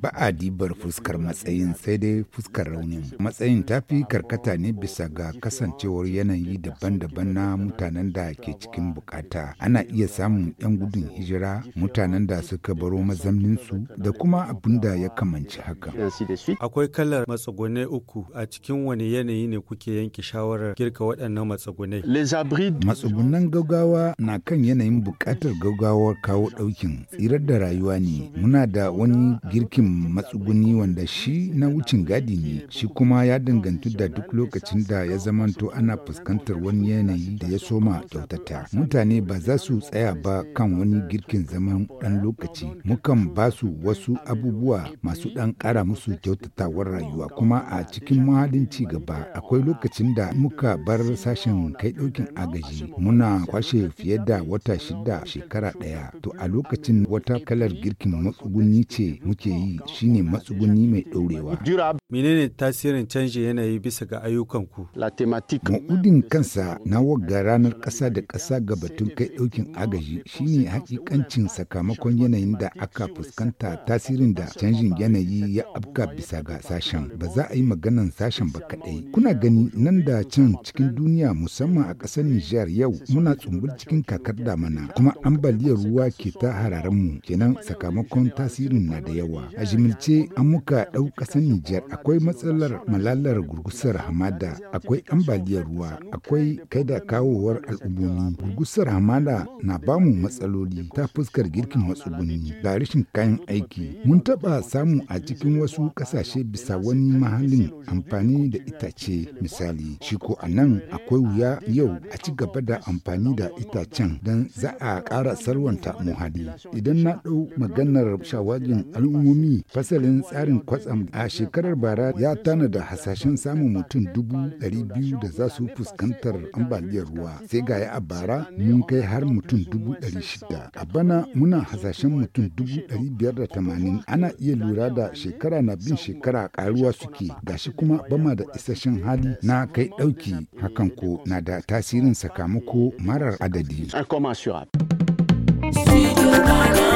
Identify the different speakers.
Speaker 1: Ba a dibar fuskar matsayin sai dai fuskar raunin. Matsayin tafi karkata ne bisa ga kasancewar yanayi daban-daban na mutanen da ke cikin bukata. Ana iya samun 'yan gudun hijira, mutanen da suka baro mazamninsu da kuma abin da ya kamanci haka.
Speaker 2: Akwai kalar matsugunai uku a cikin wani yanayi ne kuke yanke shawarar girka waɗannan matsugunai.
Speaker 1: Matsugunan gaggawa na kan yanayin bukatar gaggawar kawo ɗaukin tsirar da rayuwa ne muna da wani girkin matsuguni wanda shi na wucin gadi ne shi kuma ya dangantu da duk lokacin da ya zamanto ana fuskantar wani yanayi da ya soma kyautata mutane ba za su tsaya ba kan wani girkin zaman dan lokaci mukan ba su wasu abubuwa masu dan kara musu kyautatawar rayuwa kuma a cikin mahalin ci gaba akwai lokacin da muka bar sashen kai ɗaukin agaji muna kwashe fiye da wata shida shekara ɗaya to a lokacin wata kalar girkin matsuguni ce muke yi shine matsuguni mai
Speaker 2: ɗorewa. Menene tasirin canji yanayi bisa ga ayyukanku?
Speaker 1: Ma'udin kansa na wagga ranar ƙasa da ƙasa ga batun kai ɗaukin agaji shine hakikancin sakamakon yanayin da aka fuskanta tasirin da canjin yanayi ya afka bisa ga sashen. Ba za a yi maganan sashen ba kaɗai. Kuna gani nan da can cikin duniya musamman a ƙasar Nijar yau muna tsumbul cikin kakar damana kuma ambaliyar ruwa ke ta mu kenan sakamakon sakamakon tasirin na da yawa. A jimilce an muka ɗau ƙasar Nijar akwai matsalar malalar gurgusar hamada, akwai ambaliyar ruwa, akwai kai da kawowar al'ummomi. Gurgusar hamada na bamu matsaloli ta fuskar girkin matsuguni da rashin kayan aiki. Mun taɓa samu a cikin wasu ƙasashe bisa wani mahallin amfani da itace misali. Shi ko a nan akwai wuya yau a ci gaba da amfani da itacen don za a ƙara sarwanta muhalli. Idan na ɗau maganar matsalar shawagin al'ummomi fasalin tsarin kwatsam a shekarar bara ya tana da hasashen samun mutum dubu ɗari biyu da za su fuskantar ambaliyar ruwa sai ga a bara mun kai har mutum dubu ɗari shida a bana muna hasashen mutum dubu ɗari biyar da tamanin ana iya lura da shekara na bin shekara karuwa suke gashi kuma bama da isasshen hali na kai ɗauki hakan ko na da tasirin sakamako marar adadi.
Speaker 2: Studio Ghana.